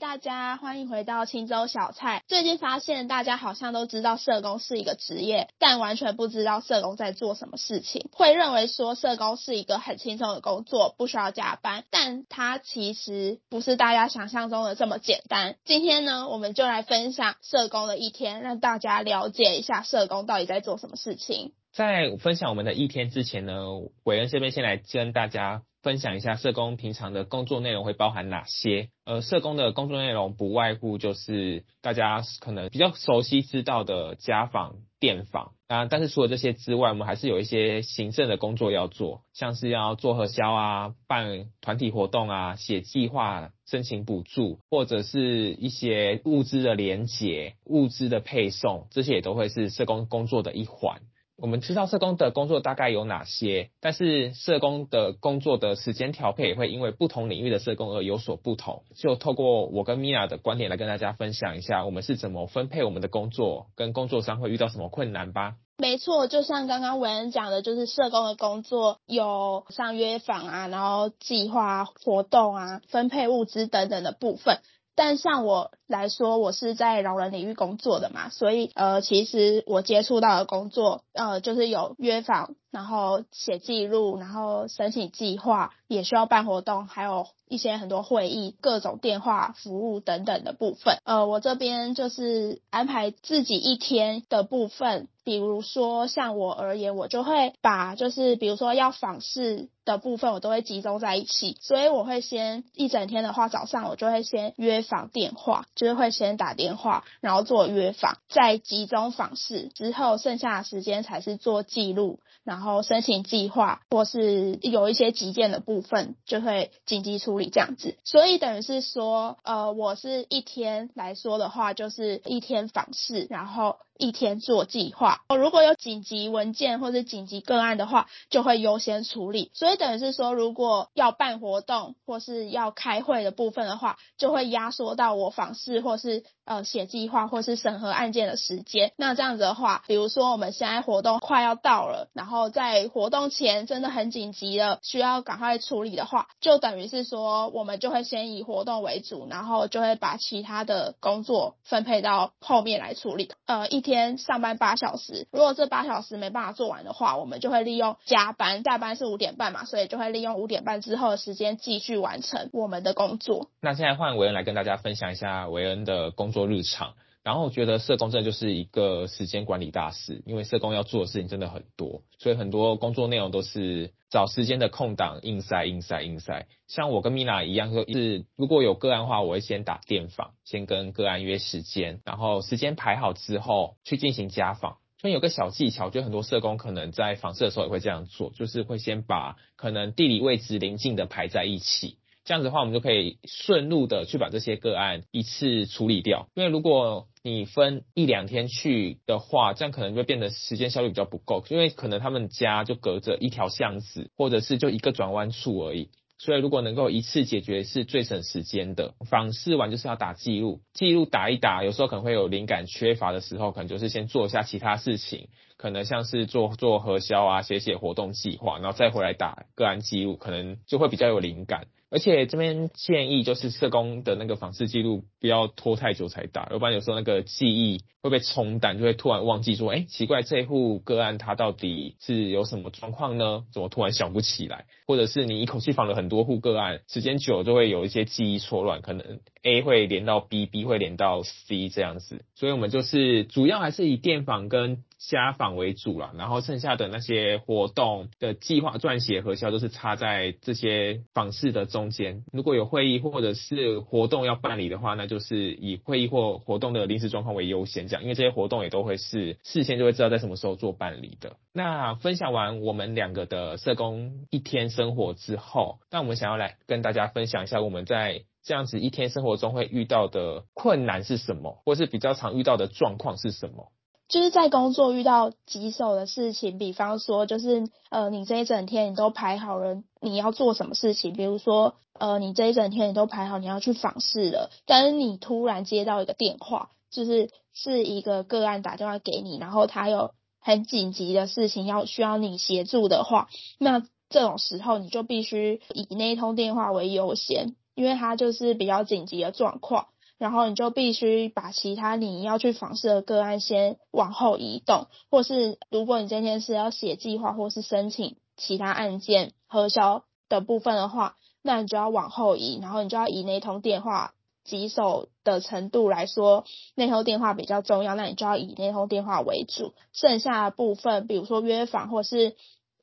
大家歡迎回到青州小菜。最近發現，大家好像都知道社工是一個職業，但完全不知道社工在做什麼事情，會認為說，社工是一個很輕鬆的工作，不需要加班，但它其實不是大家想象中的這麼簡單。今天呢，我們就來分享社工的一天，讓大家了解一下社工到底在做什麼事情。在分享我們的一天之前呢，偉恩這邊先來跟大家分享一下社工平常的工作內容會包含哪些。呃，社工的工作內容不外乎就是大家可能比較熟悉知道的家訪、店訪啊。但是除了這些之外，我們還是有一些行政的工作要做，像是要做核銷啊、辦團體活動啊、寫計劃、申請補助，或者是一些物資的連結、物資的配送，這些也都會是社工工作的一環。我們知道社工的工作大概有哪些，但是社工的工作的時間調配也會因為不同領域的社工而有所不同。就透過我跟 Mina 的觀點來跟大家分享一下，我們是怎麼分配我們的工作，跟工作上會遇到什麼困難吧。沒錯，就像剛剛 Wayne 講的，就是社工的工作有像約訪啊，然後計劃活動啊，分配物資等等的部分。但像我來說，我是在老人領域工作的嘛，所以呃，其實我接觸到的工作，呃，就是有約訪，然後寫記錄，然後申請計劃，也需要辦活動，還有一些很多會議、各種電話服務等等的部分。呃，我這邊就是安排自己一天的部分，比如說像我而言，我就會把就是比如說要訪視，的部分我都會集中在一起，所以我會先一整天的話，早上我就會先約訪電話，就是會先打電話，然後做約訪，再集中訪視之後，剩下的時間才是做記錄，然後申請計劃，或是有一些急件的部分就會緊急處理這樣子。所以等於是說，呃，我是一天來說的話，就是一天訪視，然後一天做計劃。哦，如果有緊急文件或是緊急個案的話，就會優先處理。所以。等於是說，如果要辦活動或是要開會的部分的話，就會壓縮到我訪視或是呃寫計劃或是審核案件的時間。那這樣子的話，比如說我們現在活動快要到了，然後在活動前真的很緊急了，需要趕快處理的話，就等於是說我們就會先以活動為主，然後就會把其他的工作分配到後面來處理。呃，一天上班八小時，如果這八小時沒辦法做完的話，我們就會利用加班，下班是五點半嘛。所以就會利用五點半之後的時間繼續完成我們的工作。那現在換維恩來跟大家分享一下維恩的工作日常。然後我覺得社工真的就是一個時間管理大師，因為社工要做的事情真的很多，所以很多工作內容都是找時間的空檔硬塞、硬塞、硬塞。像我跟米娜一樣，就是如果有個案的話，我會先打電訪，先跟個案約時間，然後時間排好之後去進行家訪。所以有個小技巧，就很多社工可能在訪視的時候也會這樣做，就是會先把可能地理位置臨近的排在一起。這樣子的話，我們就可以順路的去把這些個案一次處理掉。因為如果你分一兩天去的話，這樣可能就變得時間效率比較不夠。因為可能他們家就隔着一條巷子，或者是就一個轉彎處而已。所以如果能夠一次解決是最省時間的。訪視完就是要打記錄，記錄打一打，有時候可能會有靈感缺乏的時候，可能就是先做一下其他事情，可能像是做做核銷啊、寫寫活動計劃，然後再回來打個案記錄，可能就會比較有靈感。而且這邊建議就是社工的那個訪視記錄不要拖太久才打，要不然有時候那個記憶會被沖淡，就會突然忘記說，哎、欸，奇怪，這戶個案它到底是有什麼狀況呢？怎麼突然想不起來？或者是你一口氣訪了很多戶個案，時間久了就會有一些記憶錯亂，可能 A 會連到 B，B 會連到 C 這樣子。所以我們就是主要還是以電訪跟家訪為主啦，然後剩下的那些活動的計劃撰寫核銷，都是插在這些訪視的中間。如果有會議或者是活動要辦理的話，那就是以會議或活動的臨時狀況為優先，這樣，因為這些活動也都會是事先就會知道在什麼時候做辦理的。那分享完我們兩個的社工一天生活之後，那我們想要來跟大家分享一下我們在這樣子一天生活中會遇到的困難是什麼，或是比較常遇到的狀況是什麼。就是在工作遇到棘手的事情，比方說，就是呃，你這一整天你都排好了，你要做什麼事情？比如說，呃，你這一整天你都排好你要去訪視了，但是你突然接到一個電話，就是是一個個案打電話給你，然後他有很緊急的事情要需要你協助的話，那這種時候你就必須以那通電話為優先，因為他就是比較緊急的狀況。然後你就必須把其他你要去訪視的個案先往後移動，或是如果你今天是要寫計劃或是申請其他案件核銷的部分的話，那你就要往後移。然後你就要以那通電話棘手的程度來說，那通電話比較重要，那你就要以那通電話為主，剩下的部分比如說約訪或是。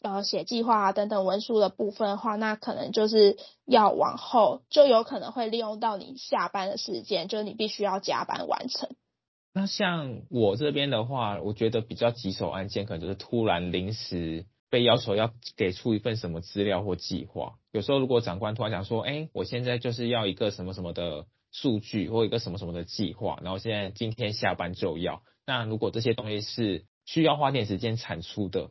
呃，寫計劃啊等等文書的部分的話，那可能就是要往後，就有可能會利用到你下班的時間，就是你必須要加班完成。那像我這邊的話，我覺得比較棘手案件，可能就是突然臨時被要求要給出一份什麼資料或計劃。有時候如果長官突然講說，哎，我現在就是要一個什麼什麼的數據或一個什麼什麼的計劃，然後現在今天下班就要。那如果這些東西是需要花點時間產出的。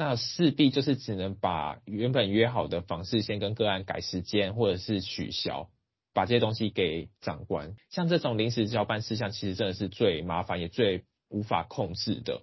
那勢必就是只能把原本約好的訪視先跟個案改時間，或者是取消，把這些東西給長官。像這種臨時交辦事項，其實真的是最麻煩也最無法控制的。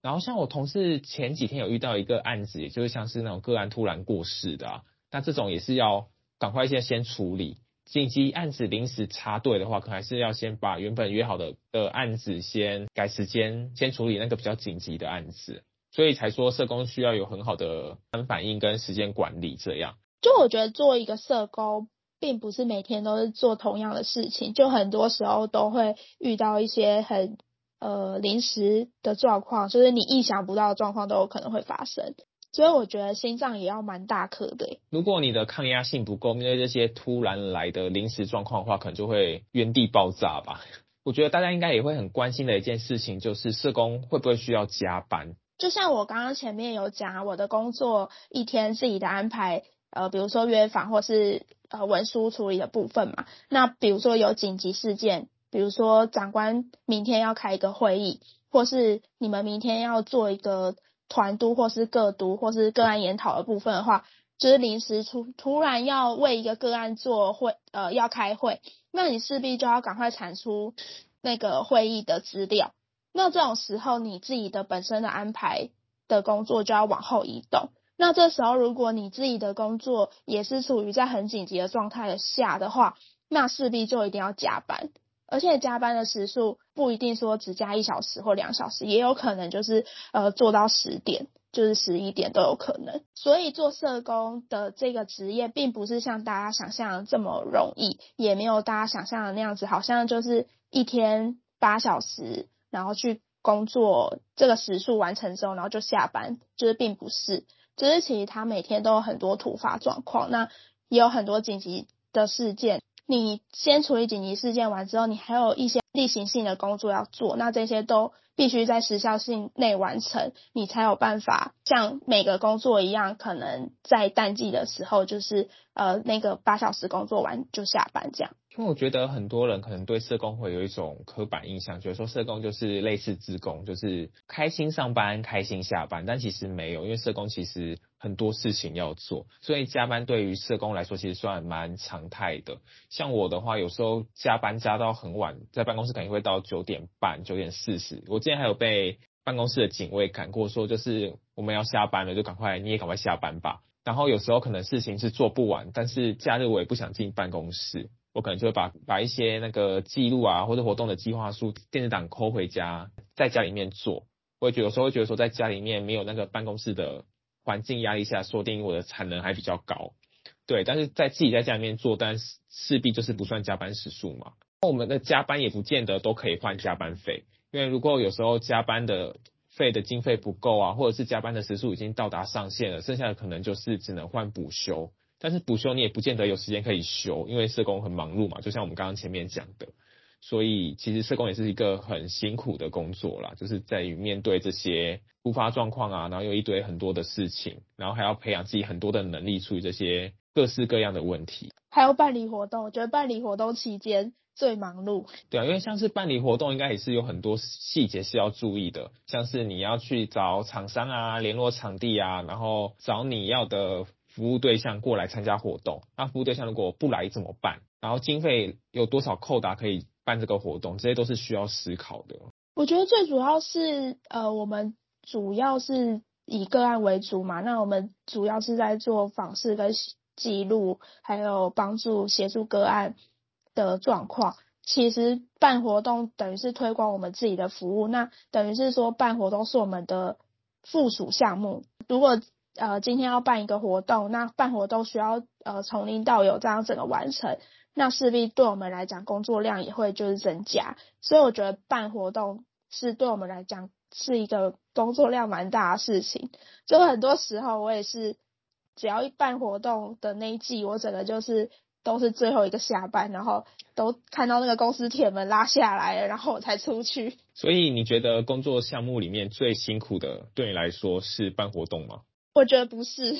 然後像我同事前幾天有遇到一個案子，也就是像是那種個案突然過世的，啊，那這種也是要趕快先先處理緊急案子。臨時插隊的話，可能還是要先把原本約好的的、呃、案子先改時間，先處理那個比較緊急的案子。所以才說社工需要有很好的反應跟時間管理，這樣。就我覺得做一個社工，並不是每天都是做同樣的事情，就很多時候都會遇到一些很呃臨時的狀況，就是你意想不到的狀況都有可能會發生。所以我覺得心臟也要蠻大顆的。如果你的抗壓性不夠，因為這些突然來的臨時狀況的話，可能就會原地爆炸吧。我覺得大家應該也會很關心的一件事情，就是社工會不會需要加班？就像我剛剛前面有講，我的工作一天自己的安排，呃，比如說約訪或是呃文書處理的部分嘛。那比如說有緊急事件，比如說長官明天要開一個會議，或是你們明天要做一個團督或是個督或是個案研討的部分的話，就是臨時出突然要為一個個案做會，呃，要開會，那你勢必就要趕快產出那個會議的資料。那這種時候，你自己的本身的安排的工作就要往後移動。那這時候，如果你自己的工作也是處於在很緊急的狀態下的話，那勢必就一定要加班，而且加班的時數不一定說只加一小時或兩小時，也有可能就是呃做到十點，就是十一點都有可能。所以做社工的這個職業，並不是像大家想象的這麼容易，也沒有大家想象的那樣子，好像就是一天八小時。然後去工作，這個時數完成之後，然後就下班，就是並不是，只、就是其實他每天都有很多突發狀況，那也有很多緊急的事件。你先處理緊急事件完之後，你還有一些例行性的工作要做，那這些都必須在時效性內完成，你才有辦法像每個工作一樣，可能在淡季的時候，就是呃那個八小時工作完就下班這樣。因為我覺得很多人可能對社工會有一種刻板印象，覺得說社工就是類似志工，就是開心上班，開心下班。但其實沒有，因為社工其實很多事情要做，所以加班對於社工來說其實算蠻常態的。像我的話，有時候加班加到很晚，在辦公室肯定會到九點半、九點四十。我之前還有被辦公室的警衛趕過說，說就是我們要下班了，就趕快你也趕快下班吧。然後有時候可能事情是做不完，但是假日我也不想進辦公室。我可能就會把把一些那個記錄啊，或者活動的計劃書電子檔摳回家，在家裡面做。我也覺得有時候會覺得說，在家裡面沒有那個辦公室的環境壓力下，說不定我的產能還比較高。對，但是在自己在家裡面做，但是勢必就是不算加班時數嘛。那我們的加班也不見得都可以換加班費，因為如果有時候加班的費的經費不夠啊，或者是加班的時數已經到達上限了，剩下的可能就是只能換補休。但是補休你也不見得有時間可以休，因為社工很忙碌嘛，就像我們剛剛前面講的，所以其實社工也是一個很辛苦的工作啦，就是在於面對這些突發狀況啊，然後又一堆很多的事情，然後還要培養自己很多的能力，處理這些各式各樣的問題，還有辦理活動。我覺得辦理活動期間最忙碌。對啊，因為像是辦理活動，應該也是有很多細節是要注意的，像是你要去找廠商啊，聯絡場地啊，然後找你要的服務對象過來參加活動，那服務對象如果不來怎麼辦？然後經費有多少扣打、啊、可以辦這個活動？這些都是需要思考的。我覺得最主要是，呃，我們主要是以個案為主嘛，那我們主要是在做訪視跟記錄，還有幫助協助個案的狀況。其實辦活動等於是推廣我們自己的服務，那等於是說辦活動是我們的附屬項目。如果呃，今天要辦一個活動，那辦活動需要呃從零到有這樣整個完成，那勢必對我們來講工作量也會就是增加，所以我覺得辦活動是對我們來講是一個工作量蠻大的事情。就很多時候我也是，只要一辦活動的那一季，我整個就是都是最後一個下班，然後都看到那個公司鐵門拉下來了，然後我才出去。所以你覺得工作項目裡面最辛苦的對你來說是辦活動嗎？我覺得不是，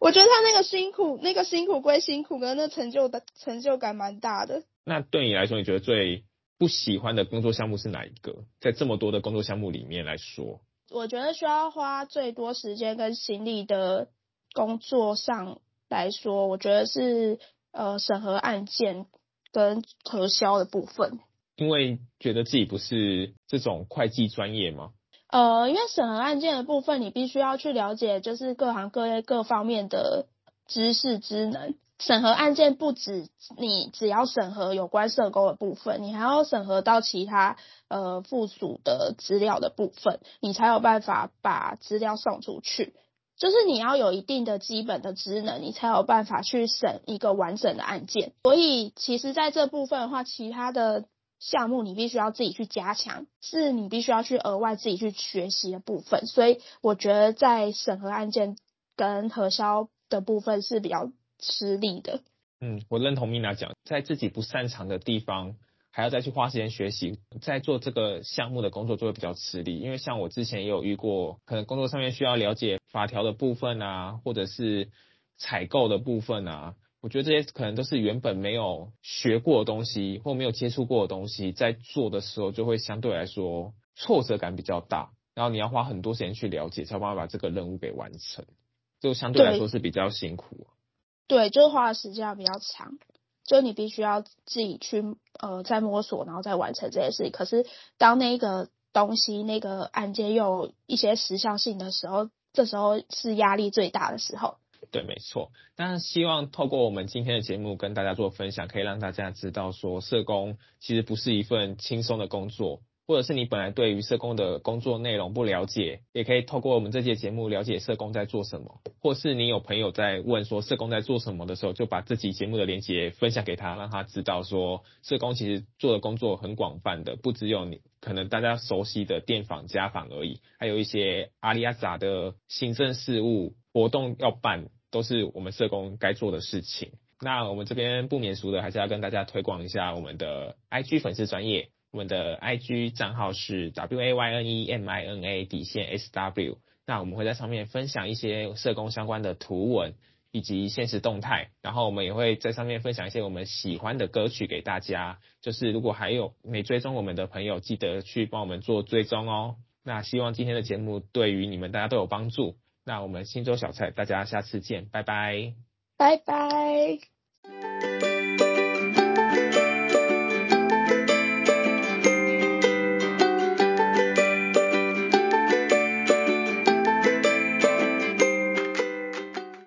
我覺得他那個辛苦，那個辛苦歸辛苦，跟那成就的成就感蠻大的。那對你來說，你覺得最不喜歡的工作項目是哪一個？在這麼多的工作項目裡面來說，我覺得需要花最多時間跟心力的工作上來說，我覺得是呃審核案件跟核銷的部分。因為覺得自己不是這種會計專業嗎？呃，因為審核案件的部分，你必須要去了解，就是各行各業各方面的知識知能。審核案件不只你只要審核有關社工的部分，你還要審核到其他呃附屬的資料的部分，你才有辦法把資料送出去。就是你要有一定的基本的知能，你才有辦法去審一個完整的案件。所以其實在這部分的話，其他的。項目你必須要自己去加強，是你必須要去額外自己去學習的部分，所以我覺得在審核案件跟核銷的部分是比較吃力的。嗯，我認同 Mina 講，在自己不擅長的地方還要再去花時間學習，在做這個項目的工作就會比較吃力，因為像我之前也有遇過，可能工作上面需要了解法條的部分啊，或者是採購的部分啊。我覺得這些可能都是原本沒有學過的東西，或沒有接觸過的東西，在做的時候就會相對來說挫折感比較大，然後你要花很多時間去了解，才辦法把這個任務給完成，就相對來說是比較辛苦。對，對就是花的時間比較長，就你必須要自己去呃再摸索，然後再完成這些事情。可是當那個東西那個案件又有一些時效性的時候，這時候是壓力最大的時候。對，沒錯。但是希望透過我們今天的節目跟大家做分享，可以讓大家知道說，社工其實不是一份輕鬆的工作，或者是你本來對於社工的工作內容不了解，也可以透過我們這些節目了解社工在做什麼。或是你有朋友在問說社工在做什麼的時候，就把這期節目的連結分享給他，讓他知道說，社工其實做的工作很廣泛的，不只有你可能大家熟悉的電訪、家訪而已，還有一些阿里阿雜的行政事務、活動要辦。都是我們社工該做的事情。那我們這邊不免俗的，還是要跟大家推廣一下我們的 IG 粉絲專頁，我們的 IG 賬號是 WAYNEMINA 底線 SW。那我們會在上面分享一些社工相關的圖文以及限時動態，然後我們也會在上面分享一些我們喜歡的歌曲給大家。就是如果還有沒追蹤我們的朋友，記得去幫我們做追蹤哦。那希望今天的節目對於你們大家都有幫助。那我們新州小菜，大家下次見，拜拜，拜拜。